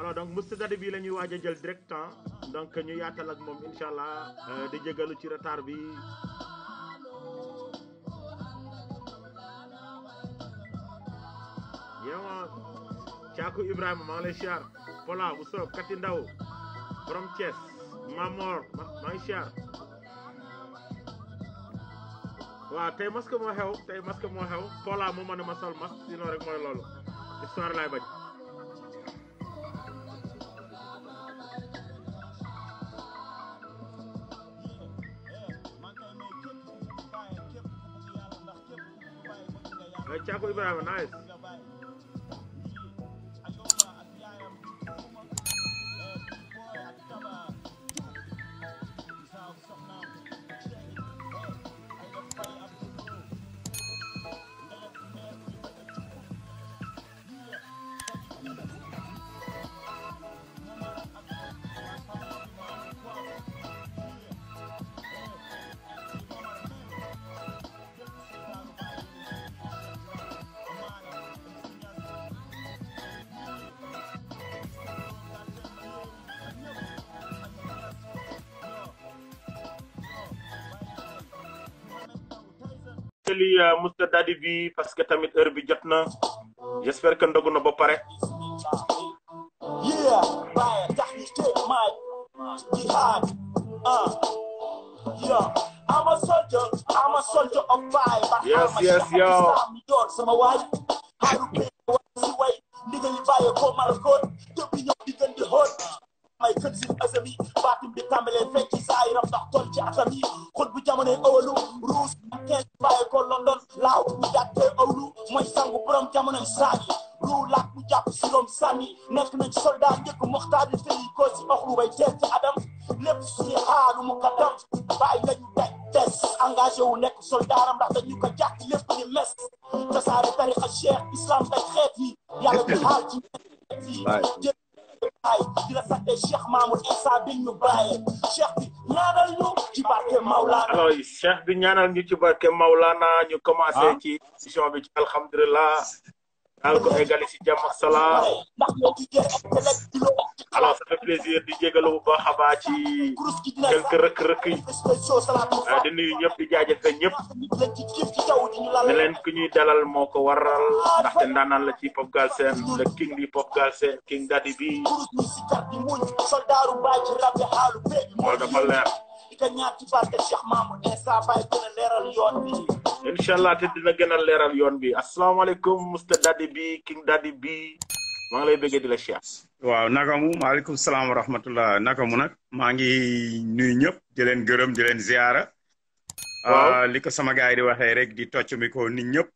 alors donc Moustapha bii la ñuy waaj a jël direct donc ñu yaatal ak moom incha allah euh, di jégalu ci retard bi. yow Caaku Ibrahima maa ngi lay siyaar Kati Ndaw borom Thiès Mamor maa ngi siyaar waaw tey masque moo xew tey moo mën a ma sol masque rek mooy loolu histoire laay bañ. have a nice. fàttali Moussa Dadi bi parce que tamit heure bi jot na j'espère que ndogu na ba pare. Uh, yes yes yow. may kën si asami baatim di tàmbalee fekk ci saa rab ndax toll ci atam yi xut bu jamonoy ëwalu ruus bàyyi ko London laaw mu jàppee awlu mooy sangu borom jamonoy saa yi ruu laak mu jàpp siloom sànni nekk nañ soldat njëkk moxtaari fëyi ko si oxlu bay tees ci adam lépp si xaalu mu katam bàyyi lañu daj tes engagé wu nekk soldaaram ndax dañu ko jàpp lépp ni mes tasaare tarixa cheikh islam day xeet yi yàlla ñu xaal ci ay di la saxee Cheikh Mamoud bi ñu bàyyee Cheikh ñaanal ñu ci barke Maulana. alors Cheikh bi ñaanal ñu ci barke Maulana ñu commencé ah. ci émission bi ci alhamdulilah. daal ko eggali si jàmm ak salaam alors plaisir di jégalu bu baax ci quelques rëkk-rëkk yi euh, di nuyu ñëpp di jaajëfal ñëpp ne leen ñuy dalal moo ko waral ndaxte ndaanaan la ci pop Galsen le king di pop Galsen king daddy bi loolu ka ñaar ci barke Cheikh Mamou Insa Baye yoon bi. te dina gën a leeral yoon bi asalaamaaleykum Mr Daddy bi King Daddy bi maa ngi lay bëggee di la Cheikh. waaw nakamu maaleykum salaam wa rahmatullah nakamu nag. maa ngi nuyu ñëpp di leen gërëm di leen ziara. Ah, li ko sama gars waxee rek di tocc mi nit ñëpp.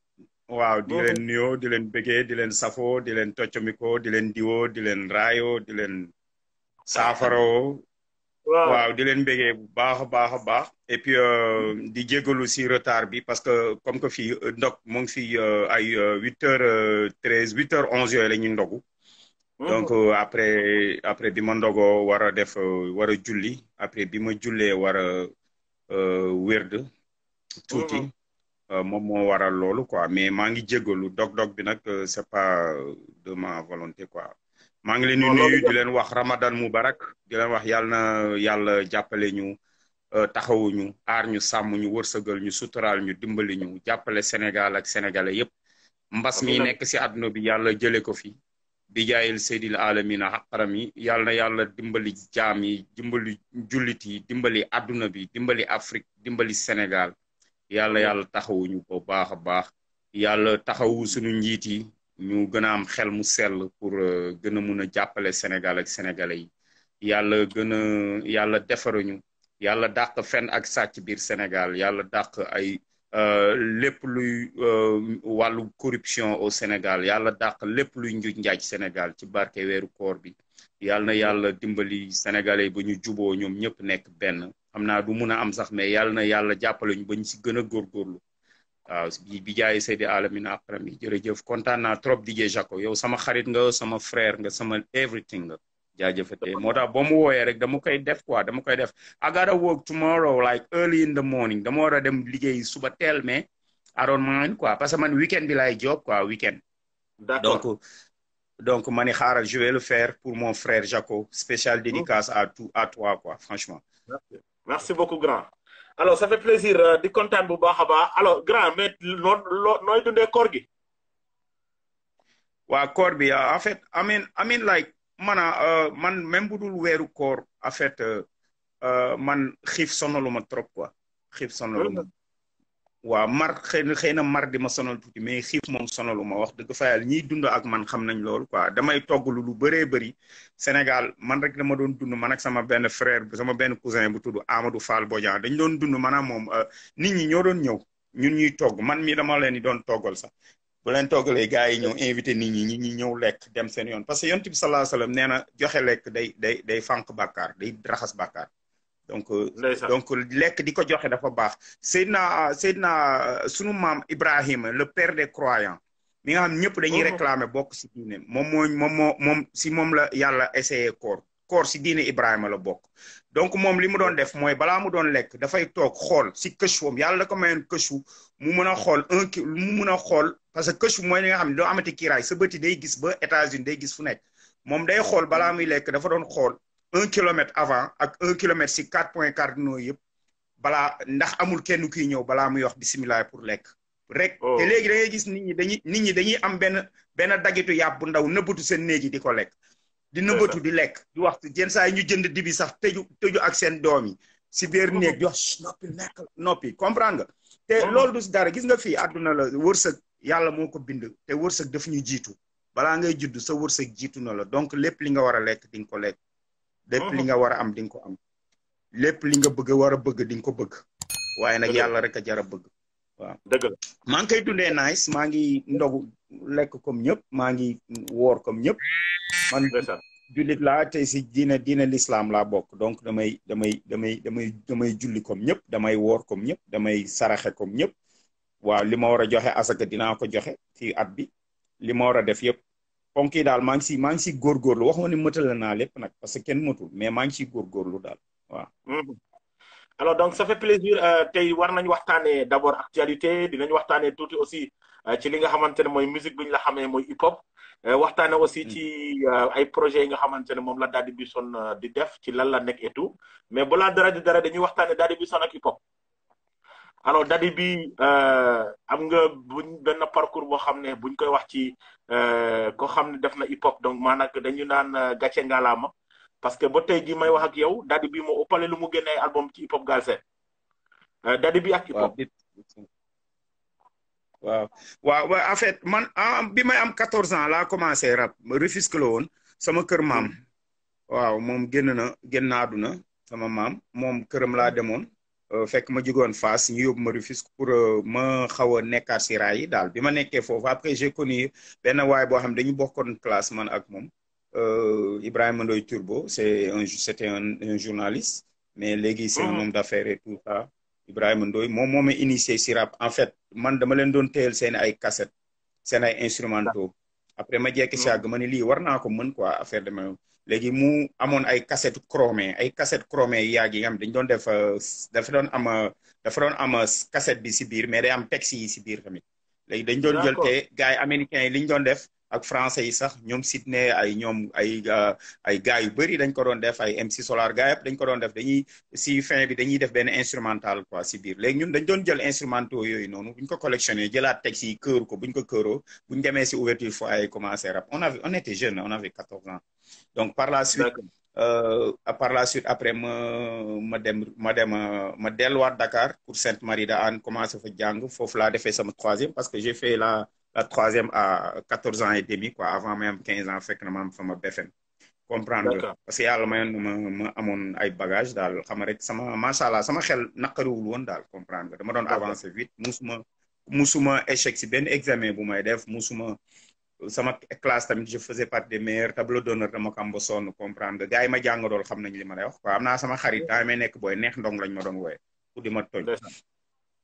waaw di leen mm-hmm. nuyoo di leen bëggee di leen safoo di leen tocc mi ko di leen di leen raayoo di leen Wow. Wow, et puis euh, di euh, aussi retard parce que comme que euh, fi ndok mo ngi a ay 8h13 8h11 elle la ñu ndogu hum. donc euh, après après après bima ndogo wara def wara julli après bima julle wara euh tout touti mom mo wara lolu quoi mais ma ngi djegelu donc dok bi nak c'est pas de ma volonté quoi maa ngi leen di nuyu di leen wax Ramadan Mubarak di leen wax yàlla na yàlla jàppale ñu euh, taxawuñu aar ñu sàmm ñu wërsëgal ñu suturaal ñu dimbali ñu jàppale Sénégal ak sénégalais yépp mbas mi nekk si àdduna bi yàlla jëlee ko fi. bi jaayil seydil alamina xaqaram yi yàlla na yàlla dimbali jaam yi dimbali jullit yi dimbali àdduna bi dimbali Afrique dimbali Sénégal yàlla yàlla taxawuñu ko baax a baax yàlla taxawu suñu njiit yi ñu gën a am xel mu sell pour euh, gën a mun a jàppale Sénégal ak sénégalais yi yàlla gën a yàlla defaruñu yàlla dàq fen ak sàcc biir Sénégal yàlla dàq ay euh, lépp luy euh, wàllu corruption au Sénégal yàlla dàq lépp luy njuj njaaj Sénégal ci barke weeru koor bi yàlla na yàlla dimbali sénégalais ba ñu juboo ñoom ñëpp nekk benn xam naa du mun a am sax mais yàlla na yàlla jàppale ñu ba ñu si gën a góorgóorlu waaw ah, bi gars yi Seydi Alamine akram yi jërëjëf kontaan naa trop DJ Jaco yow sama xarit nga sama frère nga sama everything nga jaajëfatee moo tax boo mu wooyee rek dama koy def quoi dama koy def I gotta work tomorrow like early in the morning dama war a dem liggéey suba tel mais I don't mind quoi parce que man weekend bi laay job quoi weekend donc donc mani xaaral je vais le faire pour mon frère Jaco spéciale dédicace à tout à toi quoi franchement merci beaucoup grand alors ça fait plaisir euh, di kontaan bu baax a baax alors grand mais noon loo nooy koor gi waa koor bi euh, en fait amin amin like mana euh, man même bu dul weeru koor en fait man xiif sonaluma trop quoi xiif sonaluma waaw mar xëy na xëy na mar di ma sonal tuuti mais xiif moom sonalu ma wax dëgg fa yàlla ñiy dund ak man xam nañ loolu quoi damay togg lu bëree bëri Sénégal man rek dama doon dund man ak sama benn frère sama benn cousin bu tudd amadu Fall bodia dañ doon dund maanaam moom euh, nit ñi ñoo doon ñëw ñun ñuy togg man mii dama leen di doon toggal sax bu leen toggalee gars yi ñëw invité nit ñi ñi ñëw lekk dem seen yoon parce que yonent bi sallallahu alayhi nee na joxe lekk day day day fànq bàkkaar day raxas bàkkaar donc euh, donc lek diko joxe dafa bax Seydina Seydina sunu maam ibrahim le père des croyants mi nga xam ñëpp dañuy oh. réclamer bok ci diine mom moo mom moo si mom la yalla essayé koor koor si diine ibrahim la bok donc mom limu mu doon def moy bala mu doon lekk dafay toog xool si këchu am yàlla da ko mayoon këchu mu meuna xol un mu meuna xol parce que këchu moy nga xam do amati kiray sa beuti day gis ba États-Unis day gis fu nekk mom day xool balaa muy da fa doon xol un kilomètre avant ak un kilomètre si quatre points no yëpp balaa ndax amul kenn kuy ñëw balaa muy wax bisimilah pour lekk. rek te oh. léegi da ngay gis nit ñi dañuy nit ñi dañuy am benn benn dagitu yàpp bu ndaw nëbbatu seen néeg yi di ko lekk. di nëbbatu di lekk di waxtu jenn saa ñu jënd dibi sax tëju tëju ak seen doom yi. si biir oh. néeg jox noppi lekk noppi comprendre nga. te oh. loolu du si dara gis nga fii àdduna la wërsëg yàlla moo ko bind te wërsëg daf ñu jiitu balaa ngay judd sa wërsëg jiitu na la donc lépp li nga war a lekk di nga ko lekk. lépp li uh-huh. nga war a am di nga ko am lépp li nga bëgg war a bëgg di ko bëgg waaye nag yàlla rek a jar a bëgg waaw dëgg la maa ngi koy dundee nice maa ngi ndogu lekk comme ñëpp maa ngi woor kom ñëpp man jullit laa te si diina diina lislaam laa bokk donc damay damay damay damay damay julli comme ñëpp damay woor comme ñëpp damay saraxe comme ñëpp waaw li ma war a joxe asaka dinaa ko joxe ci at bi li ma war a def yëpp ponk dal mang ci mang si gor gor si góorgóorlu waxuma ni mëtale naa lépp nag parce que ken mëtul mais ci gor si lu dal wa alors donc ça fait plaisir euh, tay war nañ waxtane d'abord abord actualité dinañ waxtane tout aussi euh, ci li nga xamantene moy musique buñ la xamé moy hip hop. Euh, waxtane aussi mm. ci ay projet nga xamantene mom la dadi bi son di def ci lan la nek et tout mais balaa dara di dara dañuy dadi bi son ak hip hop alors dadi bi euh, am nga buñ ben parcours bo xamné buñ koy wax ci euh, ko xamné def na hip hop donc maanaam dañu nan euh, gatché ngalama parce que ba tay ji may wax ak yow dadi bi mo opalé lu mu gëné album ci hip hop euh dadi bi ak hip hop waaw waaw en fait man ah, bi may am 14 ans laa commencé rap refuse que woon sama kër maam hmm. waaw moom gen na génn na àdduna sama mam, mom këram la demoon Euh, fekk ma jugoon Fass ñu yóbbu ma Rufisque pour euh, ma xaw a nekkaat si raay yi daal bi ma nekkee foofu après j'ai connu benn waay boo xam dañu bokkoon classe man ak moom euh, Ibrahima Ndoye Turbo c'est un c'était un un journaliste mais léegi si un mm-hmm. homme d'affaires et tout ça Ibrahima Ndoye moom moo ma initié si rap en fait man dama leen doon téyel seen ay cassette seen ay instrumentaux après ma jekki si àgg ma ne lii war naa ko mën quoi affaire de léegi mu amoon ay cassette chromé ay cassette chromé yàgg yi nga xam dañu doon def dafa doon am dafa doon am cassette bi si biir mais day am texte yi si biir tamit. léegi dañ doon jël te gars yi américains yi li ñu doon def. ak français yi sax ñom Sydney ay ñom ay euh, ay gaay yu bari dañ ko doon def ay MC Solar gars yëpp dañ ko doon def dañuy si fin bi dañuy def ben instrumental quoi si bir légui ñun dañ doon jël instrumentaux yoy nonu buñ ko collectionné jëlaat la si cœur ko buñ ko këro buñ démé ci ouverture ay commencé rap on avait on était jeune on avait 14 ans donc par la suite Euh, par la suite après ma ma dem ma dem euh, ma delluwaat Dakar pour Sainte-Marie de Hann commencé fa jang fofu la défé sama troisième parce que j'ai fait la la troisième à 14 ans et demi, quoi, avant même 15 ans, fekk que ma am sama BFM. comprendre parce que yàlla mayoon na ma ma ay bagage daal xam rek sama macha allah sama xel naqariwul woon daal comprendre dama doon avancer vite musuma musuma échec si benn examen bu may def musuma sama classe tamit je faisais partie des meilleurs tableau d'honneur dama ko am ba comprendre gars yi ma jàngalool xamnañ li ma lay wax quoi amna sama xarit daa may nekk booy neex ndong lañ ma doon woy ku di ma toj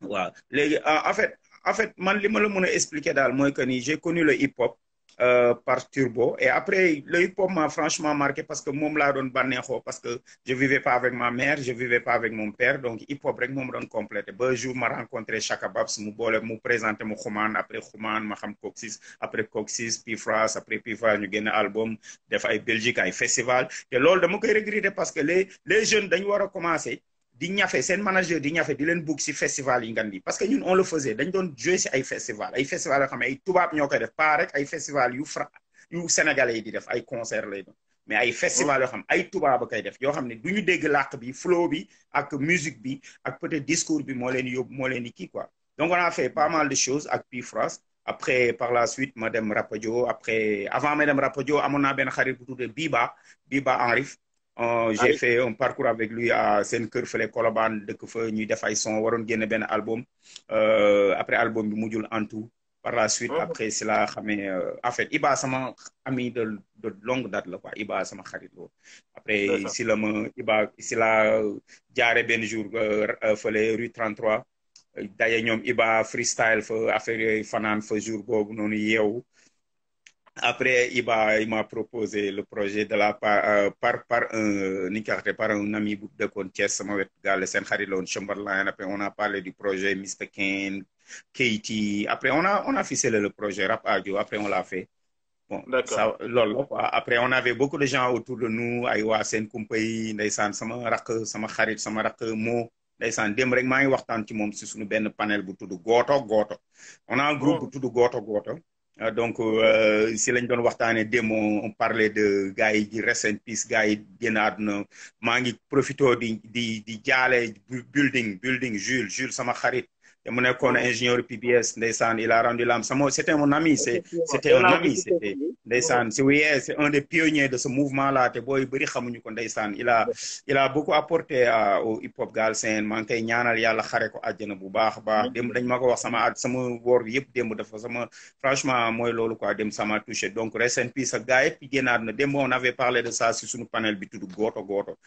wa légui en fait en fait man li ma la mën expliquer daal mooy que ni j'ai connu le hip hop euh, par Turbo et après le hip hop m'a franchement marqué parce que moom l'a doon bànneexoo parce que je vivais pas avec ma mère je vivais pas avec mon père donc hip hop rek moom doon complété ba jour ma rencontré Chaka Babs mu boole mu présenté mu xumaan après xumaan ma xam Coxis après Coxis Pifras après Pifras ñu un album def ay Belgique ay festival te loolu dama koy regretter parce que les les jeunes dañu ont commencé. commencer di c'est un manager di ñafe di len book ci festival yi ngandi parce que ñun on le faisait dañ doon jouer ci ay festival ay festival yoo xam ay tubaab ñokay def pas rek ay festival yu fra yu sénégalais yi di def ay concert lay doon mais ay festival yo xam ay tubaab kay def yo xam ne du dégg làkk bi flow bi ak musique bi ak peut-être discours bi moo leen yóbbu moo leen ki quoi donc on a fait pas mal de choses ak Pi France après par la suite Madame Rapadio après avant Madame dem Rapadio amoon naa xarit bu tuddee Biba Biba Henrif Euh, j'ai fait un parcours avec lui à seen kër fële Colobane dëkk fa ñuy def ay son waroon génne benn album euh, après album bi mujjul en tout par la suite oh. après si la xamee euh, en fait Iba sama ami de de longue date la Iba sama xarit la après si la ma Iba si la jaare benn jour fële rue 33 daye ñoom Iba freestyle fa affaire yooyu fanaan fa jour boobu noonu yeewu Après, il m'a, il m'a proposé le projet de la par, euh, par, par un, euh, par un ami de Chamberlain. Après, on a parlé du projet Mr. Kane, Katie. Après, on a, on a ficelé le projet Rap Audio. Après, on l'a fait. Bon, ça, lol, après, on avait beaucoup de gens autour de nous. Aïwa, Sen Kumpay, Ndaysan, Sama Rak, Sama Kharit, Sama Rak, Mo. Ndaysan, dem rek maa ngi waxtaan ci moom si suñu panel bu Goto Goto. On a un groupe bu Goto Goto. Euh, donc euh, si lañ doon waxtaanee démb on de gars yi di rest in peace gars yi génn àdduna maa ngi profito di di di jaale building building Jules Jules sama xarit et mon école mm-hmm. ingénieur PBS Ndesan il a rendu l'âme c'était mon ami c'était un ami c'était Ndesan c'est oui eh, c'est un des pionniers de ce mouvement là te boy bari xamuñu ko Ndesan il a il a beaucoup apporté euh, au hip hop sen man tay ñaanal yalla xaré ko àjjana bu baax baax dem mm-hmm. dañ mako wax sama sama wor bi dem dafa sama franchement moy lolu quoi dem sama touché donc rest in gars yëpp génnaat na dem on avait parlé de ça sur suñu panel bi tudd goto goto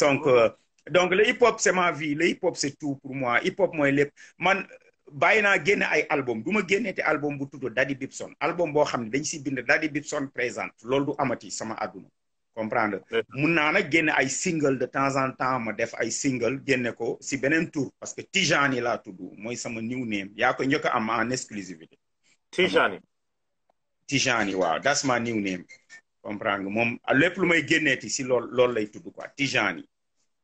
donc euh, donc le hip hop c'est ma vie le hip hop c'est tout pour moi hip hop mooy le man bayna naa ay album du ma album bu tudd Daddy Bibson album bo xam dañ ci bind Daddy Bibson présente lolou du amati sama aduna comprendre mun naa nag génne ay single de temps en temps ma def ay single génne ko si benen tour parce que Tijani la tudd moy sama new name ya ko ñëk am en exclusivité Tijani Tijani waaw that's my new name comprendre mom lepp lu may génneeti si lol lol lay tudd quoi Tijani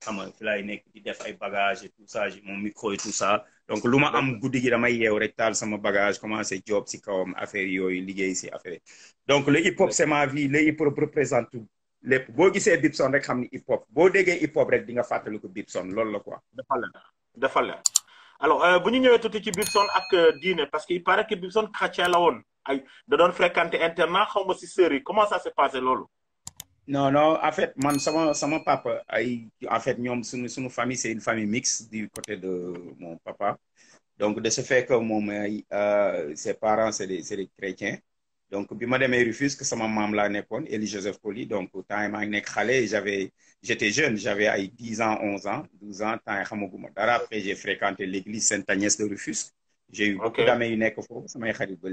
xam nga fi laay nekk di def ay bagages et tout ça mon micro tout ça donc lu am guddi gi damay rek taal sama bagage commencé job si kawam affaire yooyu liggéey si affaire donc le hip hop c'est ma vie le hip hop représente tout lépp boo gisee Bibson rek xam hip hop boo déggee hip hop rek di nga fàttaliku Bibson loolu la quoi. dafa alors euh, bu ñu ñëwee ci Bibson ak euh, diine parce que il paraît que Bibson chrétien la ay da doon fréquenter internat si sœur yi comment ça s'est non non en fait mon sama sama papa ay en fait nous sommes, famille c'est une famille mixte du côté de mon papa donc de ce fait que euh, ses parents c'est des c'est chrétiens donc bi ma demee Rufisque sama la laa nekkoon Élie Joseph Collie. donc quand m'a j'avais j'étais jeune j'avais 10 ans 11 ans 12 ans temps après j'ai fréquenté l'église Sainte-Agnès de Rufusque. j'ai eu beaucoup d'amis yu nekk ba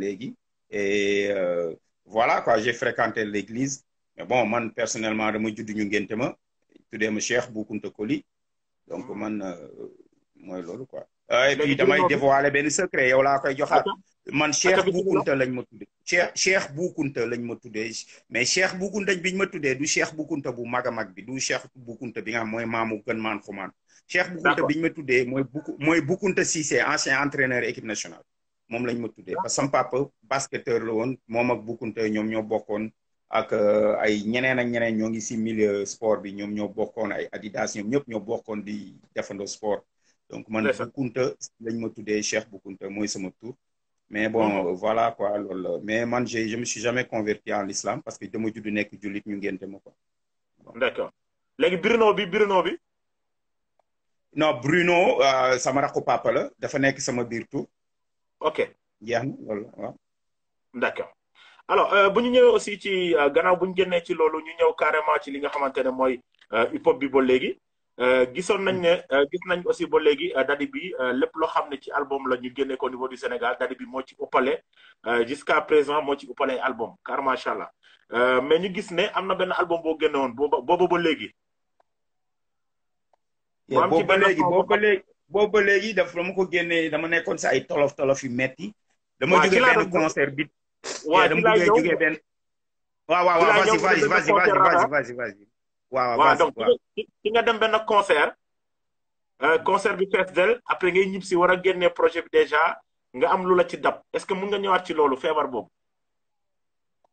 et euh, voilà quoi j'ai fréquenté l'église mais bon man personnellement dama judd ñu ngénte ma tuddee ma Cheikh Bou Kounta Koli donc hmm. man euh, mooy loolu quoi. Ah, et puis damay dévoiler benn secret yow laa koy joxaat. man Cheikh Bou Kounta lañ ma tuddee. Cheikh Cheikh Bou Kounta lañ ma tuddee mais Cheikh Bou biñ ma tuddee du Cheikh Bou Kounta bu mag mag bi du Cheikh Bou Kounta bi nga xam mooy maamu gën maan xumaan. Cheikh Bou Kounta biñ ma tuddee mooy bu mooy Bou Kounta Cissé ancien entraîneur équipe nationale. moom lañ ma tuddee parce que sama papa basketteur la woon moom ak Bou Kounta ñoo bokkoon. ak euh, ay ñeneen ak ñeneen ñoo ngi si milieu sport bi ñoom ñoo bokkoon ay Adidas ñoom ñëpp ñoo bokkoon di defandoo sport. donc man Boukounta lañ ma tuddee Cheikh Boukounta mooy sama tour mais bon voilà quoi loolu mais man je je me suis jamais converti en l'islam parce que dama judd nekk jullit ñu ngénte ma quoi. d'accord léegi Bruno bi Bruno bi. non Bruno euh, sama rakku papa la dafa nekk sama biir ok jeex na loolu waaw. d'accord. alors euh, bu ñu ñëwee aussi ci euh, gannaaw bu ñu génnee ci loolu ñu ñëw carrément ci li nga xamante ne mooy euh, hip hop bi ba léegi gisoon nañ ne gis nañ aussi ba léegi dadi bi lépp loo xam ne ci album la ñu génnee ko au niveau du Sénégal dadi bi moo ci uppale jusqu'à présent moo ci uppale album car macha allah mais ñu gis ne am na benn album boo génne woon booba ba léegi. mu am ci benn ba léegi boobu ba léegi daf dama ko génnee dama nekkoon si ay tolof tolof yu metti dama jóge benn bi. Ya, wah, dama bëggee juga benn. Wah, wah, wah, vas-y vas-y vas-y vas-y vas-y vas-y waaw waaw donc ci nga dem benn concert. concert eh, bi fees del après ngay ñib si war a génnee projet déjà nga am lu la ci dab est-ce que mun nga ñëwaat ci loolu feebar boobu.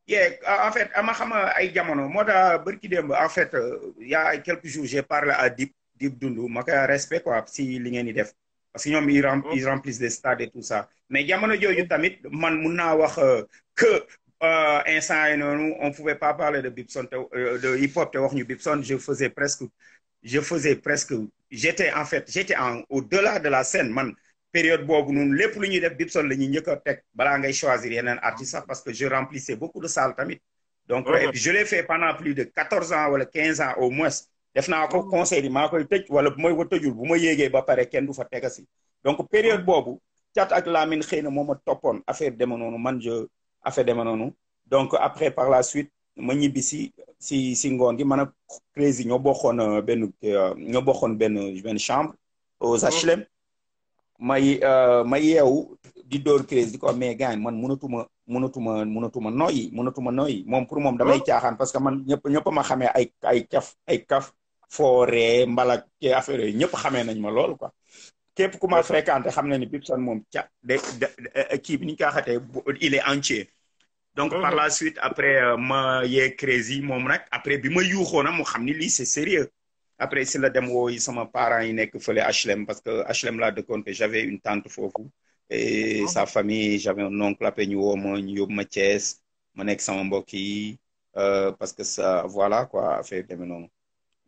yeah en fait ama ah, xam ay jamono moo tax bërki démb en fait euh, y a quelques jours j'ai parlé à Dip Dip Dundu ma respect quoi si li ngeen di def. parce qu'ils oh. ils remplissent des stades et tout ça mais jamono jooju tamit man mun wax euh, que euh, instant nous, on pouvait pas parler de Bibson euh, de hip hop te wax je faisais presque je faisais presque j'étais en fait j'étais au-delà de la scène man période boobu nous lépp lu ñuy def Bibson lañu ñëk tek bala ngay choisir yenen parce que je remplissais beaucoup de salles tamit donc oh, je l'ai fait pendant plus de 14 ans ou 15 ans au moins def naa ko conseil yi maa koy tëj wala bu may wa tëjul bu ma yéegee ba pare kenn du fa tegasi donc période boobu cat ak Lamine xëy na moo ma toppoon affaire deme noonu man je affaire deme noonu donc après par la suite ma ñibbi si si si ngoon gi man ak Crazy ñoo bokkoon euh, benn euh, ñoo bokkoon benn benn chambre aux HLM may euh, ma yeewu di dóor crise di ko mais gars man mënatuma mënatuma mënatuma noyyi mënatuma noyyi moom pour moom damay mhm. caaxaan parce que man ñëpp ñëpp ma xamee ay ay kaf ay kaf fooree mbalak ci affaire yooyu ñëpp xamee nañ ma lool quoi képp ku ma fréquenté xam na ni Bibson moom ca de kii bi ni ñu ko waxatee il est entier donc par mhm. la suite après euh, ma yee Crazy moom nag après bi ma yuuxoo na mu xam ni lii c'est sérieux après si la dem wooyi sama parents yi nekk fële HLM parce que HLM la de compte j'avais une tante foofu et mhm. sa famille j'avais un oncle après ñu woo ma ñu yóbbu ma Thiès ma nekk sama mbokk yi euh, parce que ça voilà quoi affaire demee noonu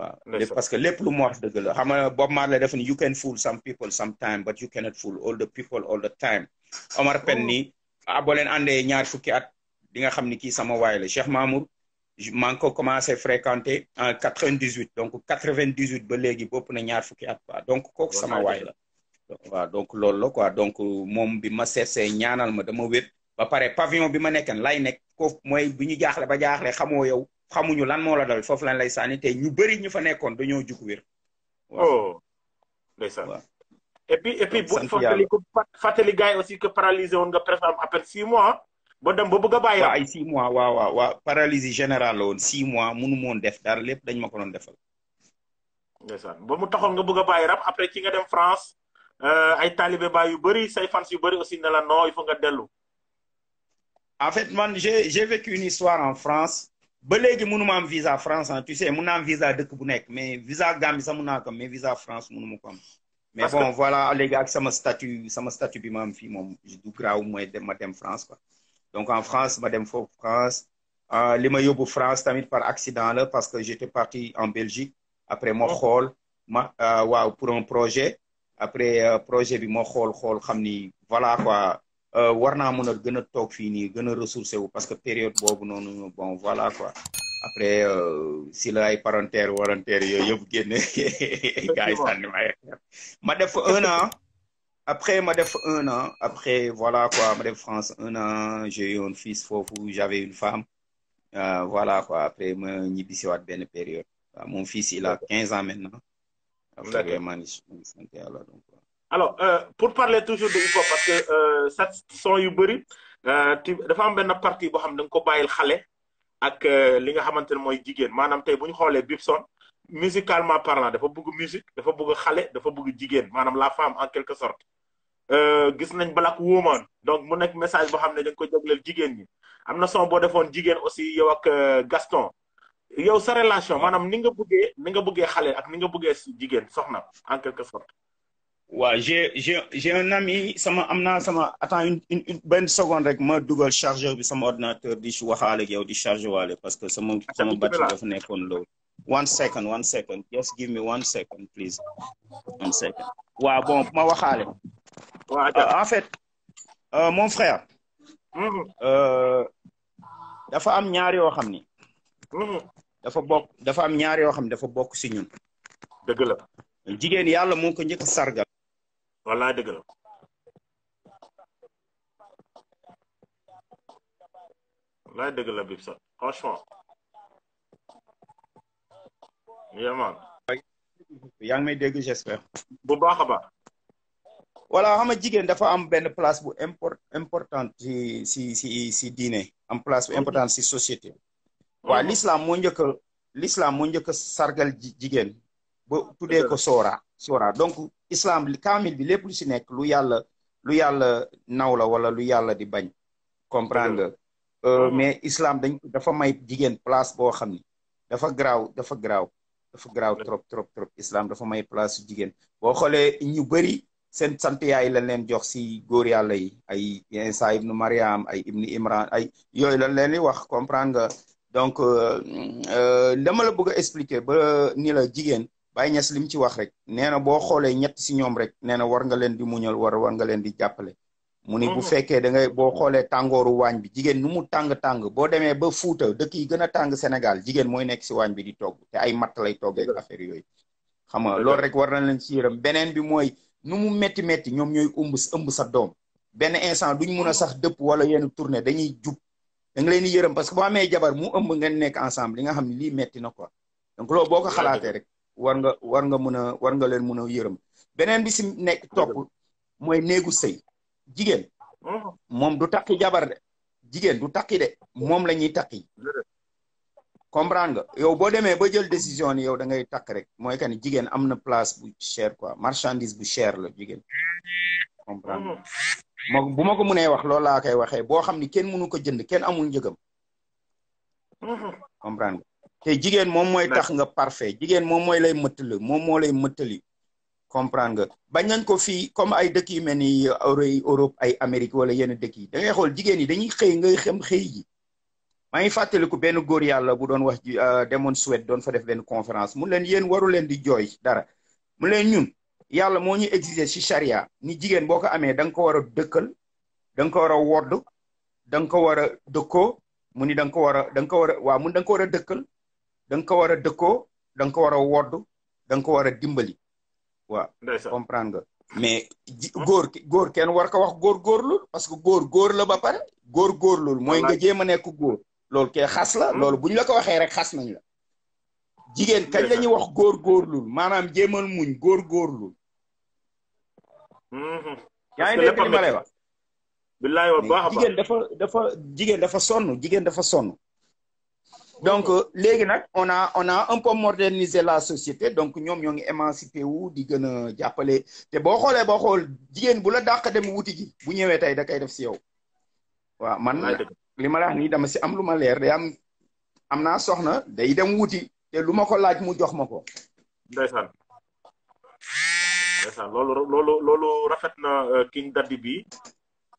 waaw parce que lépp lu wax dëgg la Bob Marley def ni you can fool some people sometime but you cannot fool all the people all the time Omar Pène oh. nii ah boo leen àndee ñaar fukki at di nga xam ni kii sama waay la Cheikh Mamour maa ngi ko commencé fréquenter en quatre vingt dix huit donc quatre vingt dix huit ba léegi bopp na ñaar fukki at quoi donc kooku sama waay la waaw donc loolu la quoi donc moom bi ma seetsee ñaanal ma dama wét ba pare pavillon bi ma nekken lay nekk koofu mooy bi ñu jaaxle ba jaaxle xamoo yow xamuñu lan mo la dal fofu lan lay sani tay ñu bari ñu fa nekkon dañoo juk wir oh et puis et puis bu fatali ko fatali gars aussi que paralysé won nga presque à peine 6 mois. ba dem ba bëgg baye ay 6 mois wa wa wa paralysie générale won 6 mois mënu mo def dar lepp dañ mako don defal. ndeysaan ba mu taxon nga bëgg baye rap après ci nga dem France euh ay talibé ba yu bari say fans yu bari aussi na la non il faut nga delu en fait man j'ai j'ai vécu une histoire en France. ba léegi m'a am visa France hein, tu sais mon visa de bu mais visa Gambie ça, mon nom mais visa France m'a ko am. mais bon voilà les gars, sama statut sama statut bi ma statué, je moom du graaw je de ma dem France quoi. donc en France Madame dem France euh, les ma pour France tamit par accident là, parce que j'étais parti en Belgique après mon rôle, ma oh. euh, pour un projet après euh, projet bi mon xool xool xam voilà quoi. Euh, war warna mën a gën a toog fii nii gën a ressourcé wu parce que période boobu noonu bon voilà quoi après euh, si la ay parentaire waranteer yooyu yëpp génne gars yi sànni ma ma def un an après ma def un an après voilà quoi ma def France un an j'ai eu un fils foofu j'avais une femme euh, voilà quoi après ma ñibbisiwaat benn période mon fils il a quinze ans maintenant sant yàlla donc alors euh, pour parler toujours de hip hop parce que c'est euh, son yu euh dafa am ben partie bo xam ne da nga ko bayil xalé ak euh, li nga xamantene moy jigen manam tay buñ xolé ñu musicalement parlant dafa bëgg musique dafa bëgg xalé dafa bëgg jigen manam la femme en quelque sorte euh, gis nañ Black Woman donc mu nek message bo xamne ne da nga ko jagleel jigen ñi amna son bo defoon jigen aussi yow ak Gaston yow sa relation manam ni nga bëggé ni nga bëggé xalé ak ni nga bëggé jigen soxna en quelque sorte waaw j'ai j'ai j'ai un ami sama am naa sama attends une une une benn seconde rek ma dugal chargeur bi sama ordinateur di waxaale ak yow di charger, waale parce que sama sama batterie dafa nekkoon loolu one second one second just give me one second please one second waaw bon ma waxaale euh, en fait euh, mon frère mm-hmm. euh, dafa am ñaar yo xamni ni mm-hmm. dafa bokk dafa am ñaar yo xamni dafa bokk si ñun dëgg la jigéen yàlla moo ko njëkk sargal wallaay deugal la deugal dëgg la Bib Sot franchement ya yaa yang may dégg j'espère bu baax ba wala xama jigen dafa am ben place bu import importante ci si si si dine am place bu importante si société wa oh. l'islam mo ñëk l'islam mo ñëk sargal jigen bu tuddee ko sora sora donc islam li kaamil bi lepp lu ci nek lu yalla lu yalla naw la wala lu yalla di bañ comprendre nga ah. euh, mais islam dañ dafa may jigen place bo xamni dafa graw dafa graw dafa graw trop trop trop islam dafa may place jigen bo xolé ñu bëri sen sant yaay lañ leen jox ci góor yalla yi ay Isa ibn maryam ay ibnu Imran ay yoy lañ leen wax comprendre nga donc euh, euh, dama la bëgg expliquer ba ni la jigen bay Niass lim ci wax rek neena bo xolé ñett si ñoom rek neena war nga leen di muñal war war nga leen di jappalé mu bu mhm. féké da ngay bo xolé tangoru wañ bi Jigen nu mu tang tang bo démé ba Fuuta dëkk yi gëna tang Sénégal jigen moy nekk si wañ bi di togg té ay mat lay ak mhm. affaire yoy xam nga lool rek war na leen ci yëram benen bi moy nu mu metti métti ñoom ñooy ëmb ëmb sa doom benn instant duñ mëna sax depp wala yeen tourner dañuy jup da nga leen di yëram parce que bo amé jabar mu ëmb ngeen nekk ensemble li nga xam li metti na donc lo boko xalaté rek war nga war nga mëna war nga leen mëna a yërëm beneen bi ci nek top moy néegu sey jigen mom mm-hmm. du takki jabar de jigen du takki de mom la takki comprendre nga yow bo démé ba jël décision yow da ngay tak rek moy kan jigen amna place bu cher quoi marchandise bu cher la jigen comprendre nga mm-hmm. buma ko mënee wax loolu laa koy waxee boo xam mënu ko jënd ken amul njëgam mm-hmm. comprendre te jigen mom moy tax nga parfait jigen mom moy lay mëttali mom mo lay mëttali comprendre nga bañ nañ ko fi comme ay dëkk yu melni euh, Europe ay Amérique wala yene dëkk yi da ngay xol jigen yi dañuy xey ngay xem xey yi maa ngi ko ben góor yalla bu doon wax ji euh, demoon Suède doon fa def ben conférence mu len yéen waru len di joy dara mu len ñun yalla mo ñu exiger ci sharia ni jigen boko amé dang ko wara a dëkkal da ko wara wordu dang ko wara a dëkkoo mu ni da ko wara dang ko wara wa waaw mun da ko wara a dëkkal da nga ko war a dëkkoo da nga ko war a wodd da nga ko war a dimbali waaw comprendre nga mais góor góor kenn war ko wax góor góorlul parce que góor góor la ba pare góor góorlul mooy nga jéem a nekk góor loolu kay xas la hmm. loolu bu la ko waxee rek xas nañ la jigéen kañ la ñuy wax góor lu maanaam jéemal muñ góor góorlul hmm. yaa ngi dégg li ma lay wax billaay wa dafa dafa jigéen dafa sonn jigéen dafa sonn donc léegi nag on a on a la société donc ñoom ñoo ngi émancipé wu di gën a jàppale te boo xoolee boo xool jigéen bu la dàq dem wuti ji bu ñëwee tey da koy def si yow. waaw man li ma la wax nii dama si am lu ma leer day am am naa soxna day dem wuti te lu ma ko laaj mu jox ma ko. ndeysaan ndeysaan loolu loolu loolu rafet na euh, King Daddy bi.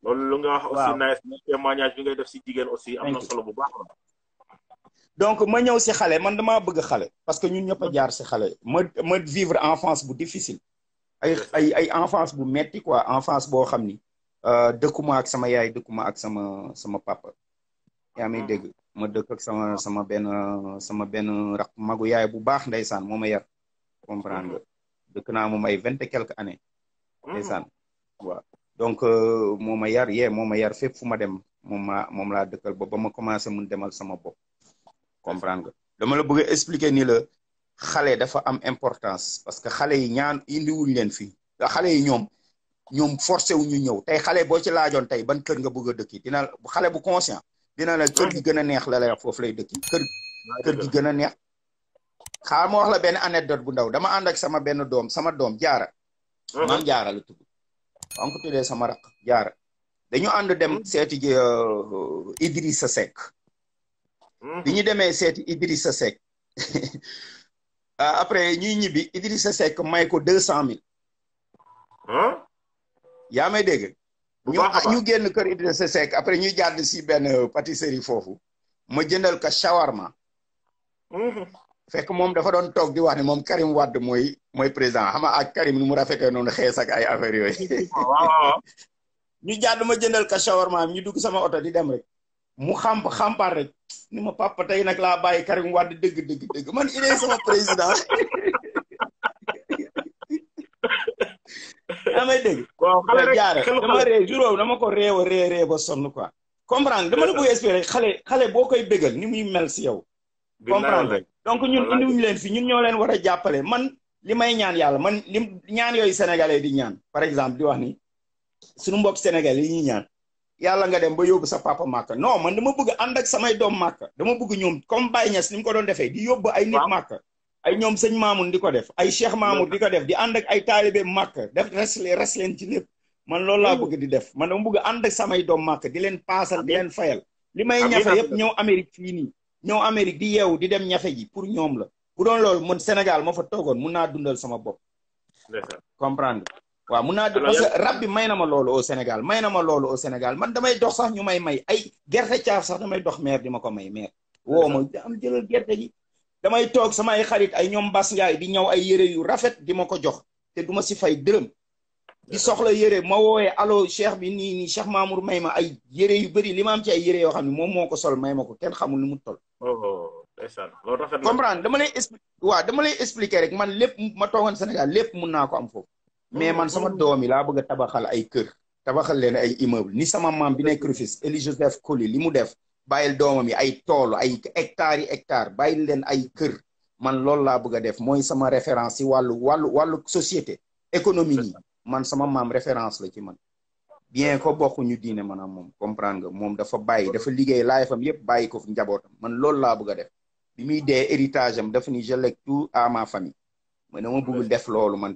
loolu lu nga wax aussi nice témoignage bi ngay def si jigéen aussi am na solo bu baax la. donc ma ñew ci xalé man dama bëgg xalé parce que ñun ñëpp jaar ci xalé ma ma vivre enfance bu difficile ay ay ay enfance bu metti quoi enfance boo xam ni euh, dëkkuma ak sama yaay dëkkuma ak sama sama papa ya may dégg ma dëkk ak sama sama ben sama ben rak magu yaay bu baax ndaysan moma ma yar comprendre nga dëkk na moom ay 20 quelques années ndaysan wa donc euh, moma ma yar ye moma ma yar fépp fuma ma dem moom ma la laa dëkkal ba ba ma commencé mu demal sama bop comprendre nga dama la bëgg expliquer ni la xalé dafa am importance parce que xalé yi ñaan wuñ leen fi te xale yi ñom ñom forcé wu ñëw tay xalé bo ci lajoon tay ban kër nga bëgg dëkk dina xalé bu conscient dina la kër gi gëna neex la lay fofu lay dëkk kër kër gi gëna neex xaar wax la ben anecdote bu ndaw dama and ak sama ben dom, sama dom jaara man jaara la tuddu maa ko sama rak jaara dañu and dem séti ji euh, Idrissa Seck bi ñu demee seeti Idrissa Seck ah, après ñuy ñibbi sa Seck may ko deux cent mille. yaa may dégg. ñu ñu génn kër Idrissa Seck après ñu jàdd si benn pâtisserie foofu. ma jëndal ko shawarma. Mhm. fekk moom dafa doon toog di wax ne moom Karim Wade mooy mooy président xam nga Karim nu mu rafetee noonu xees ak ay affaire yooyu. ñu jàdd ma jëndal ko shawarma ñu dugg sama oto di dem rek. mu xam xampaat rek ni ma papa tay nak la baye Karim wad deug deug deug man il est sama président deug ko dëgg rek dama re juro dama ko rew re re ba sonn quoi comprendre dama la bu espérer xale xale bokay beugal ni muy mel ci yow comprendre donc ñun indi indiwuñu leen fi ñun ñoo leen wara jappalé man limay ñaan yalla man lim ñaan yoy sénégalais di ñaan par exemple di wax ni suñu mbokk sénégalais yi ñuy ñaan yalla nga dem ba yobbu sa papa maka, non man dama bëgg and ak samay dom maka dama bëgg ñoom comme bay Niass nim ko doon defé di yobbu ay nit màkk ay ñoom señ Mamoun di def ay Cheikh Mamoun di def di and ak ay talibé màkk def res res len ci lepp man loolu la mm. bëgg di def man dama bëgg and ak samay dom maka di len paasal di len fayal limay ñafa yépp ñew amerique fi ni ñew dia di yew di dem ñafa ji pour ñoom la bu doon lool mon Sénégal mo fa togon na dundal sama bop comprendre wa muna naa parce que rabbi na ma loolu au senegal may na ma loolu au senegal man damay dox sax ñu may may ay gerte tiaf sax damay dox maire di ma ko may maire wo ma am jëlal gerte gi damay tok sama ay xarit ay ñom bass gaay di ñew ay yére yu rafet di ma ko jox te duma ci fay deureum di soxla yére ma woowee allo cheikh bi ni ni cheikh Mamour mayma ay yére yu bari limam ma am ci ay yére yoo xam ne moom sol may ma xamul ni mu toll. Oh, comprendre dama lay expliquer wa dama lay expliquer rek man lepp ma togon senegal lepp mun naa ko am fofu mais man sama oh. doom yi laa bëgg a tabaxal ay kër tabaxal leen ay immeuble ni sama maam bi nekk Rufisque Élie Joseph Coly li mu def bàyyil doomam yi ay tool ay hectares yi hectares bàyyil leen ay kër man loolu laa bëgg a def mooy sama référence si wàllu wàllu wàllu société économie nii man sama maam référence la ci man bien ko bokkuñu diine maanaam moom comprendre nga moom dafa bàyyi dafa liggéey laay fam yëpp bàyyi ko fi man loolu laa bëgg a def bi muy dee héritage am dafa ni je lègue tout à ma famille ma ne ma bëgg def loolu man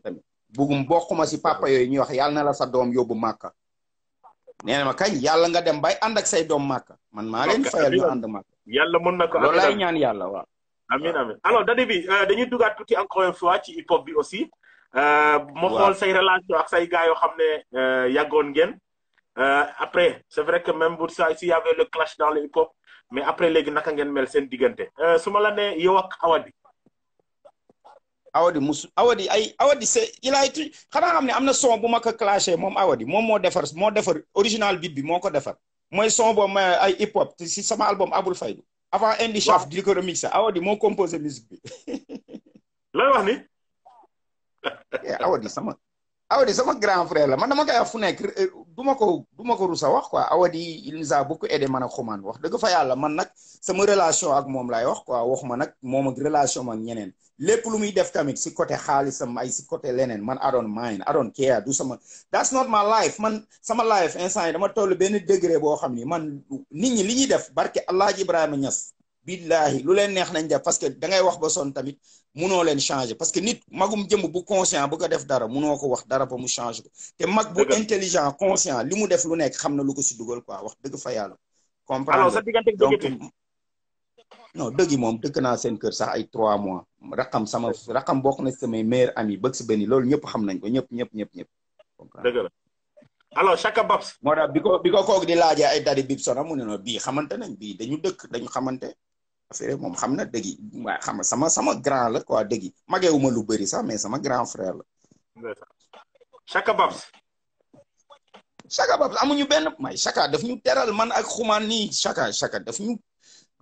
bugum bokuma ci papa yoy ñi wax yalla na la sa doom yobu makka neena ma kañ yalla nga dem bay ànd ak say doom makka man ma leen fayal ñu and makka yalla mën na ko lay ñaan amin amin alors dadi bi euh, dañuy dugaat tuti encore une fois ci hip hop bi aussi euh, mo xol say relation ak say gaay yo xamne ne euh, ngeen euh après c'est vrai que même bu ça s'il y avait le clash dans le hip hop mais après légui naka ngeen mel sen digënté euh suma la né yow ak Awadi awadi musu awadi ay awadi c'est il a été xanaa xam ne am na son bu ma ko clashé moom awadi moom moo defar moo defar original beat bi moo ko defar mooy son boobu ma ay hip hop si sama album abul Faydu avant indi chef di ko remixé awadi moo composé musique bi looy wax ni eh, awadi sama Awadi ah sama grand frère la man dama koy wax fu nekk euh, du ma ko du ma ko rusa wax quoi Awadi il nous a beaucoup aidé man ak wax dëgg fa yàlla man nag sama relation ak moom laay wax quoi waxuma nag moom ak relation ak ñeneen lépp lu muy def tamit si côté xaalisam ay si côté leneen man I don't mind I don't du sama that's not my life man sama life instant yi dama toll benn degré boo xam ni man nit ñi li ñuy def barke Alaaji Ibrahima ñas billahi lu len neex nañ def parce que da ngay wax ba son tamit mëno len changer parce que nit magum jëm bu conscient bu ko def dara mëno ko wax dara ba mu change ko té mag bu intelligent conscient limu def lu nekk xamna lu ko ci duggal quoi wax deug fa yalla comprendre alors sa digante donc non deug yi mom deug na sen kër sax ay 3 mois raqam sama raqam bok na sama meilleur ami bëgg si benn loolu ñëpp xam nañ ko ñëpp ñëpp ñëpp ñëpp dëgg la alors Chaka Babs mo da biko biko bi ko di laaje ay dadi bibsona sona mu ne no bi xamantene bi dañu dëkk dañu xamantene affaire moom xam na dëgg xam sama sama grand la quoi dëgg mageewuma lu bëri sax mais sama grand frère la. Chaka Babs. Chaka Babs amuñu benn may Chaka daf ñu teral man ak xumaan nii Chaka Chaka daf ñu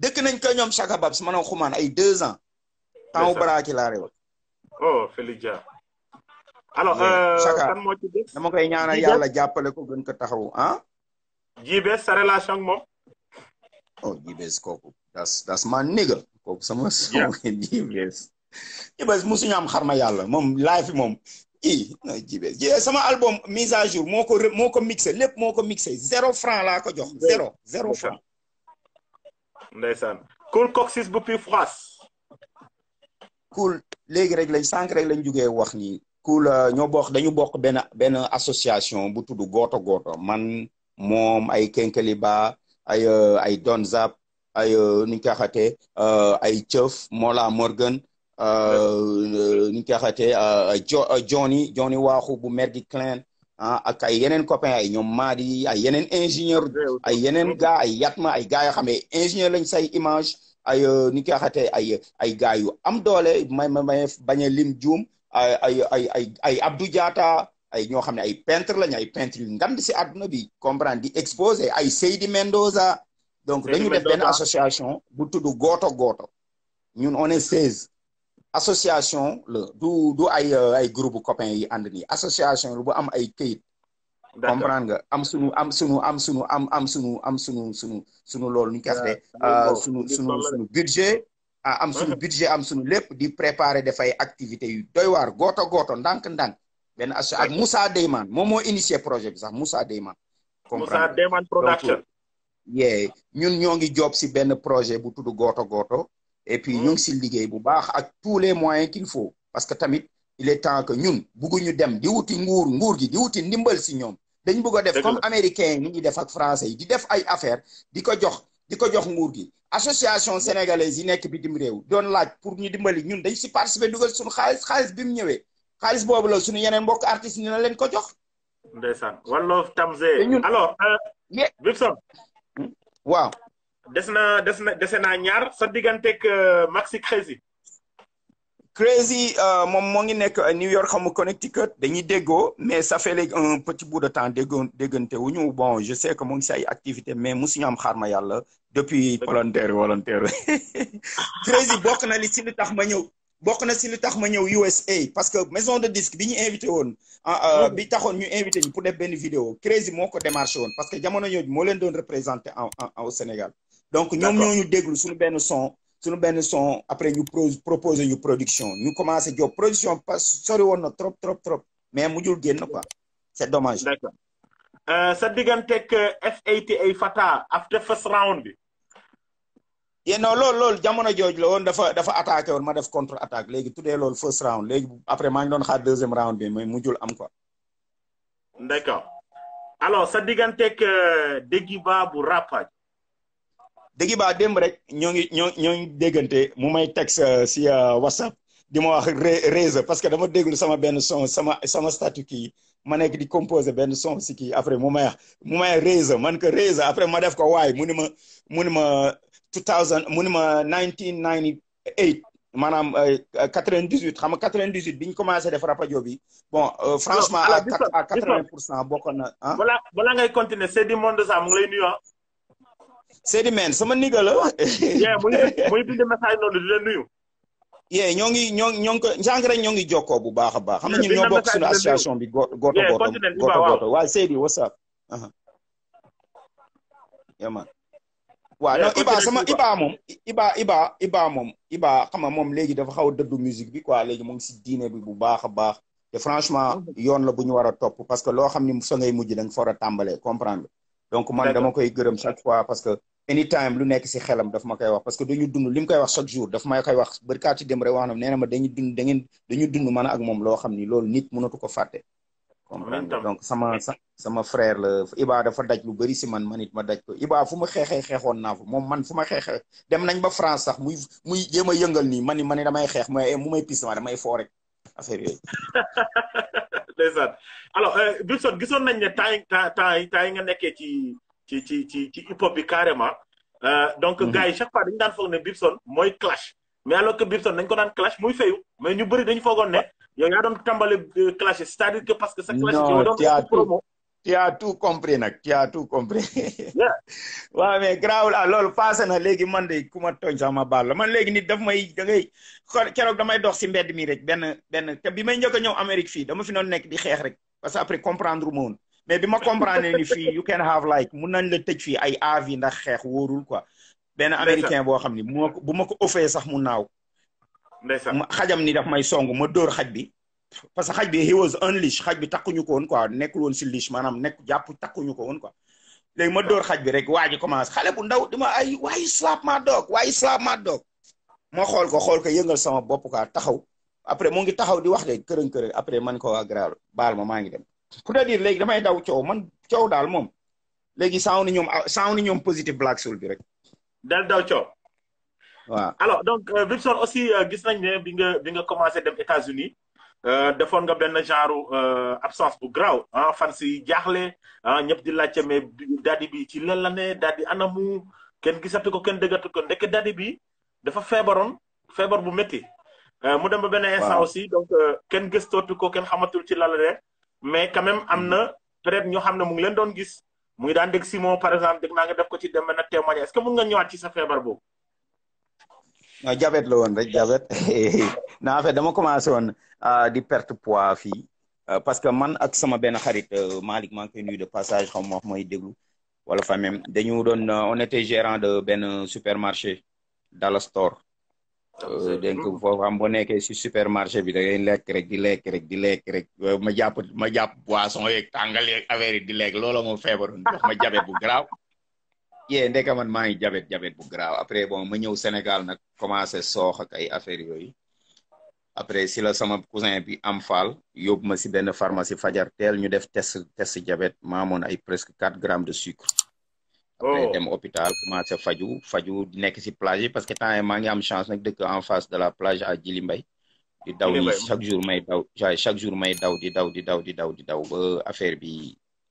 dëkk nañ ko ñoom Chaka Babs man ak xumaan ay 2 ans. temps u baraaki laa oh Félix Dia. alors euh, kan moo ci des dama koy ñaanal yàlla jàppale ko gën ko ah. Jibes sa relation ak oh Jibes kooku. that's that's my nigga sama soo ngeen jibees jibees musuñu am xarma yàlla moom live fi moom i no jibees sama album mise à jour moo ko moo ko mixé lépp moo ko mixé zéro franc laa ko jox zéro zéro franc ndeysaan cool coxis bu pi fras cool léegi rek lañ sànq rek lañ jugee wax ni cool euh, ñoo bokk dañu bokk benn benn association bu tudd gooto gooto man moom ay Kenkeliba ay euh, ay Donzap ay euh, nu ñu koy waxatee euh, ay Thieuff Mola Morgan euh, nu ñu koy waxatee Johnny Johnny Waaxu bu Mergi Clan ah, ak ay yeneen copains ay ñoom Madi ay yenen ingénieur ay yenen ga ay Yatma ay gars yoo xam ne ingénieur lañ say image ay nu ñu koy ay ay gars yu am doole may may bañ a lim juum ay ay ay ay ay Abdou ay ñoo xam ne ay peintre lañ ay peintre yu ngand si àdduna bi comprendre di exposé ay Seydi Mendoza donc dañu def une association bu goto. nous on est 16. association le du du ay euh, copains association am sunu am sunu am sunu am am sunu am sunu sunu sunu euh, sunu ah, sunu budget am sunu budget am sunu préparer activités yu doy war, goto goto, ben ak Moussa Deyman projet Moussa Moussa production yee ñun ñoo ngi job si benn projet bu tudd gooto gooto et puis ñu ngi si liggéey bu baax ak tous les moyens qu'il faut parce que tamit il est temps que ñun bugguñu dem di wuti nguur nguur gi di wuti ndimbal si ñoom dañ bëgg a def comme américain yi ni def ak français yi di def ay affaire di ko jox di ko jox nguur gi association sénégalaise yi nekk bi bitim réew doon laaj pour ñu dimbali ñun dañ si participer dugal suñu xaalis xaalis bi mu ñëwee xaalis boobu la suñu yeneen mbokk artistes yi na leen ko jox ndeysaan walloo tamsee alors euh, Wilson waaw des na des na dese naa ñaar sa digganteeg euh, Maxi Crazy. Crazy euh, moom moo ngi nekk euh, New York xamu Connecticut dañuy déggoo mais ça fait un petit bout de temps déggoon déggante wuñu bon je sais que mu ngi si ay activité mais musuñu am xaar ma yàlla depuis volontaire volontaire Crazy bokk na li si li tax ma ñëw. Je na si USA parce que maison de disque invité ah, ah, bi nous pour vidéo Crazy parce que jamono au Sénégal donc nous ñoo ñu déglu suñu nous son suñu son après nous une production ñu commencé job production sori trop trop trop mais quoi c'est dommage d'accord FATA euh, Fata after first round yéen non loolu loolu jamono jooju la woon dafa dafa attaqué woon ma def contre attaque léegi tuddee loolu first round léegi après maa ngi doon xaar deuxième round bi mais mujjul am quoi. d'accord alors sa digganteeg euh, Degiba bu Rapadio. Degiba démb rek ñoo ngi ñoo ñoo ngi déggante mu may texte euh, si euh, WhatsApp di ma wax réseau parce que dama déglu sama benn son sama sama statut kii ma nekk di composer benn son si kii après mu may mu may réseau man que réseau après ma def ko waay mu ni ma mu ni ma. two thousand mu ni ma nineteen ninety eight maanaam euh, quatre vingt dix huit xam nga quatre vingt dix huit bi ñu commencé def rapajo bi bon euh, franchement à à quatre vingt pour cent bokkoon na ah balaa balaa ngay continuer Seydi Monde sa mu ngi lay nuyu ah men sama niga la muy muy bind nuyu yee ñoo ngi ñoo ñoo ngi ko njàng ñoo ngi jokkoo bu baax a baax xam na ñun ñoo bokk suñu association bi gooto gooto gooto gooto waaw Seydi what's waaw eh, non Iba sama Iba moom Iba Iba Iba moom Iba xam moom léegi dafa xaw a dëddu musique bi quoi léegi mu ngi si diine bi bu baax a baax te franchement mm-hmm. yoon la bu ñu war a topp parce que loo xam ni so ngay nga for a tàmbalee comprendre donc man dama koy gërëm chaque fois parce que anytime lu nekk si xelam daf ma koy wax parce que dañu dund li mu wax chaque jour daf ma koy wax barkaati dem rek wax na nee na ma dañu dund da ngeen dañu dund man ak moom loo xam ni loolu nit mënatu ko fàtte comprendre donc sama sama frère la Iba dafa daj lu bëri si man man it ma daj ko Iba fu ma xeexee xeexoon naa fa moom man fu ma xeexee dem nañ ba France sax muy muy jéem a yëngal nii man ma ne damay xeex mooy mu may piste damay foo rek affaire yooyu. ndeysaan alors Bibson euh, gisoon nañ ne temps yi temps yi temps yi ci ci ci ci ci hip hop bi carrément. Euh, donc mhm. gars yi chaque fois dañu daan foog ne Bibson mooy clash mais alors que Bibson dañ ko daan clash muy fayu mais ñu bëri dañu foogoon ne. yow yaa doon tàmbali euh, clashé c'est-à-dire que parce que sa clashé yow doon promo tu as tout nag tu as tout compris waaw mais garaawul ah na léegi man de ku ma tooñ man léegi nit daf may da ngay keroog damay doox si mbed mi rek benn benn te bi may njëkk a Amérique fii dama fi noonu nekk di xeex rek parce que après comprendre ma woon mais bi ma comprendre ni fii you can have like mun nañ la tëj fii ay avis ndax xeex wóorul quoi benn américain boo xam ni bu ma bu ma ko offee sax mu naaw ma xajam ni daf may song ma dóor xaj bi. parce que xaj bi he was unleash xaj bi takkuñu ko woon quoi nekkul woon si leash maanaam nekk jàpp ñu ko woon quoi. léegi ma dóor xaj bi rek waa ji commencé xale bu ndaw di ma ay why you slap my dog why you slap xool ko xool ko yëngal sama bopp quoi taxaw après mu ngi taxaw di wax de kërën kërën après man ko waa ah, grave baal ma maa ngi dem. pour te dire léegi damay daw coow man coow daal moom léegi saaw na ñoom saaw na ñoom positive black soul bi rek. dal daw coow. waaw alors donc Wilson euh, aussi euh, gis nañ ne bi nga bi nga commencé dem États-Unis euh, defoon nga benn genre absence bu Grau, hein, ah, Fancy Diarle, jaaxle ah ñëpp di laajte mais daddy bi ci daddy anamu kenn gisatu ko kenn dëggatu ko ndekk daddy bi dafa feebaroon feebar bu métti. mu dem ba benn instant aussi donc Ken gëstootu ko kenn xamatul ci mais quand même amna na peut-être ñoo mu ngi leen gis mu ngi Simon par exemple de naa nga def ko ci dem est-ce que vous nga ñëwaat ci sa non diabète la woon rek diabète non en dama commencé woon euh, di perte pois fii euh, parce que man ak sama benn xarit euh, Malick maa ngi koy de passage xam ma wax mooy déglu wala fa même dañu doon on était gérant de benn supermarché Dallas Store donc foofu am boo nekkee si supermarché bi da ngay lekk rek di lekk rek di lekk rek ma jàpp ma jàpp boisson yeeg tàngal yeeg yi di lekk loola mo feebaroon ma jabet bu garaaw yee ndeka man maa ngi jabet jabet bu garaaw après bon ma ñëw Sénégal nag commencé soox ak ay affaires yooyu après si la sama cousin bi am fal yóbbu ma si benn pharmacie fajar teel ñu def test test jabet maa amoon ay presque quatre grammes de sucre. après oh. dem hôpital commencé faju faju nekk si plage parce que temps yi maa ngi am chance nag dëkk en face de la plage à Djilimbay di daw chaque jour may daw chaque jour may daw di daw di daw di daw di daw ba affaire bi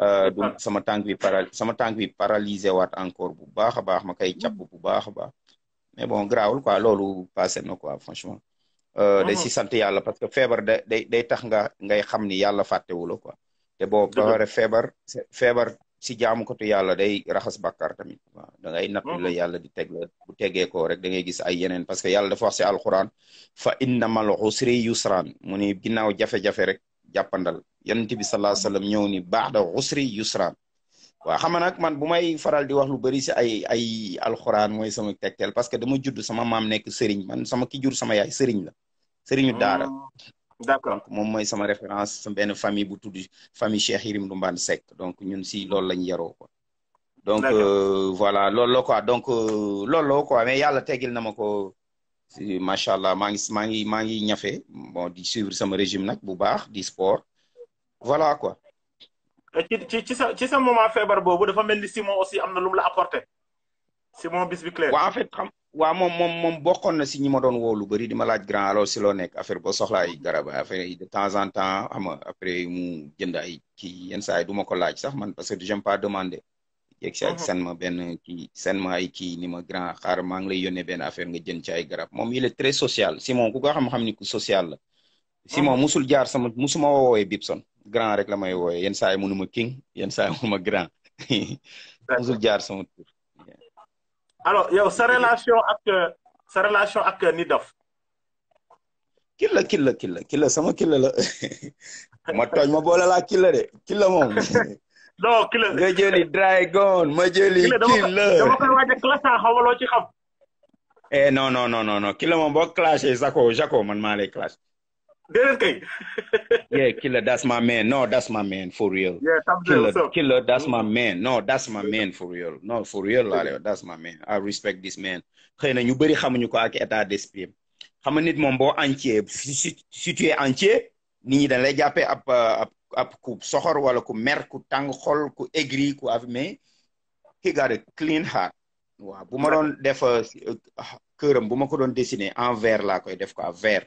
Euh, donc sama tànk bi para sama tànk bi paralysé waat encore bu baax a baax ma koy hmm. jàpp bu baax a baax mais bon grawul quoi loolu passé na quoi franchement. Euh, ah day si sant yàlla parce que feebar day day day tax nga ngay xam ni yàlla fàttewula quoi. te boobu ba pare feebar feebar si jaamukatu yàlla day raxas bakkar tamit. waaw da ngay natt ah la yàlla di teg la bu tegee ko rek da ngay gis ay yeneen parce que yàlla dafa wax si alxuraan. fa na malo usri yusran mu ni ginnaaw jafe-jafe rek jàppandal. yonent bi sallallahu alayhi wasallam ñew ni ba'da usri yusran wa xam nak man bu may faral di wax lu bari ci ay ay alxuraan moy sama tektel parce que dama judd sama mam nek serigne man sama ki jur sama yaay serigne la serigne daara. Mm, d'accord mom moy sama référence sama ben famille bu tudd famille Cheikh Yirim Ndumbaan Seck donc ñun si lool lañ yaro quoi. donc euh, voilà lool lo quoi donc euh, lool lo quoi mais yalla teggil na ko macha allah mangi ngi maa bon di suivre sama régime nak bu baax di sport. voilà quoi. Euh, ci ci sa ci sa moment feebar bobu dafa mel ni Simon aussi amna na lu mu la apporté. Simon clair wa en fait xam wa mom mom mom bokkoon na si ñima ma doon woo lu bëri di laaj grand alors si lo nek affaire ba soxla yi garab affaire de temps en temps xam après mu jënd ay ki yenn saa ma ko laaj sax man parce que j'aime pas demander. yek si ak mhm. sen ma benn kii sen ma ay ki ni ma grand xaar ma ngi lay yónnee affaire nga jënd ci ay garab mom il est très social Simon ku ko xam-xam ni ku social la. Mhm. Simon musul jaar sama musuma wowe bipson grand rek la may wooyee yenn saa yi mënuma king yenn saa grand. musul jaar sama tur. alors sa relation ak sa ni dof killa killa killa sama killa ma tooñ ma boole laa killa de killa moom. non killa dragon ma jëli. killa dama koy waaj a classé xaw ma loo ci xam. eh non non non non man maa lay There is king. yeah, killer, that's No, that's my man for real. Yeah, killer, there, killer, that's my man. No, that's my man No, for real, Laleo, that's my respect this man. xëy na ñu bëri xamuñu ko ak état d'esprit xam nga nit moom boo entier si tu entier nit ñi dañ a jàppee ku soxor wala ku mer ku tàng xol ku aigri ku af mais he a clean heart. waaw bu ma doon def euh, këram bu ma ko doon dessiner en vert laa koy def ko à vert.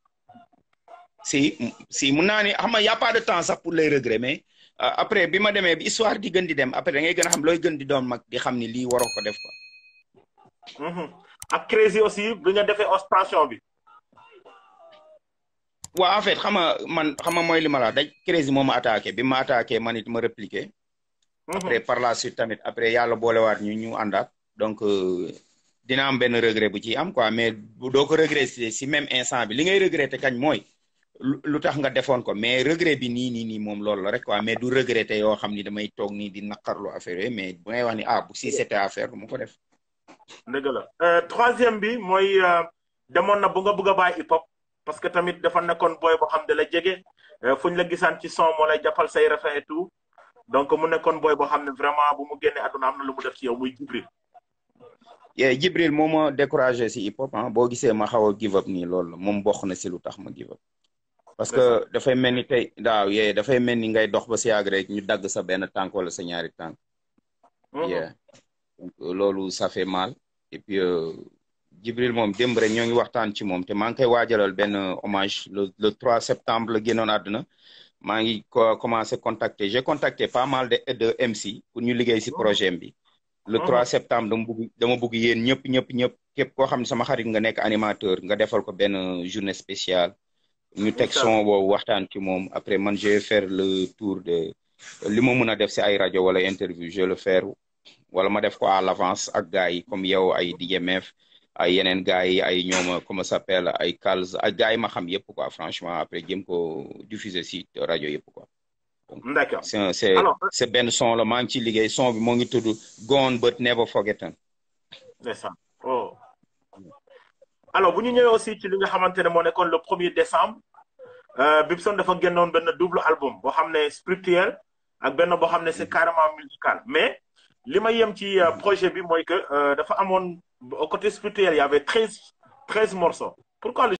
si si mun naa ne xam nga y' a de temps sax pour les regrets mais euh, après bi ma demee bi histoire di gën di dem après da ngay gën a xam looy gën di doon mag di xam ni lii waroo ko def quoi. Mm-hmm. ak Crazy aussi bi nga defee station bi. waaw en fait xama man xama nga mooy li ma la daj Crazy moo ma attaqué bi ma man it ma répliqué. Mm-hmm. après par la suite tamit après yàlla boolewaat ñu ñu àndaat donc. Euh, dina am benn regret bu ci am quoi mais doo ko regretter si même instant bi li ngay regretter kañ mooy lu tax nga defoon ko mais regret bi nii nii nii moom loolu la rek quoi mais du regretter yoo xam ni damay toog nii di naqarlu affaire yooyu mais bu ngay wax ni ah, si c'était affaire du ma ko def. dëgg la euh, troisième bi mooy euh, demoon na bu nga bëgg a bàyyi hip hop parce que tamit dafa nekkoon booy boo xam da la jege euh, fu ñu la gisan ci son moo lay jàppal say refrain et donc mu nekkoon booy boo xam ne vraiment bu mu génnee àdduna am na lu mu def ci yow muy Jibril. yeah Jibril moo ma découragé hip hop ah boo gisee ma xaw a give nii loolu moom bokk na si lu tax ma give parce que de fay y de da fay ngay dox ba siag rek ñu sa uh-huh. euh, ça fait mal et puis euh, Jibril mom waxtaan ci te euh, hommage le 3 septembre la aduna à contacter j'ai contacté pas mal de de MC pour ñu liggéey ci uh-huh. projet bi le 3 uh-huh. septembre dama bëgg yeen ñëpp ñëpp ñëpp ñu teg son boobu waxtaan ci moom après man je vais faire le tour de li ma mën a def si ay rajo wala interview je le faire wala ma def ko à l'avance ak gars yi comme yow ay DMF ay yeneen gars yi ay ñoom comment s'appelle ay Kalz ay gars yi ma xam yëpp quoi franchement après jëm ko diffuser si rajo yëpp quoi. d'accord c'est c'est euh c'est benn son la maa ngi ci liggéey son bi moo ngi tudd Gone But Never Forgotten. c'est ça oh. Alors, vous pas aussi ce que vous mon école le 1er décembre, euh, Bibson a fait un double album, un spirituel, et un c'est carrément musical. Mais, le que j'ai dit projet, c'est que, euh, au côté spirituel, il y avait 13, 13 morceaux. Pourquoi le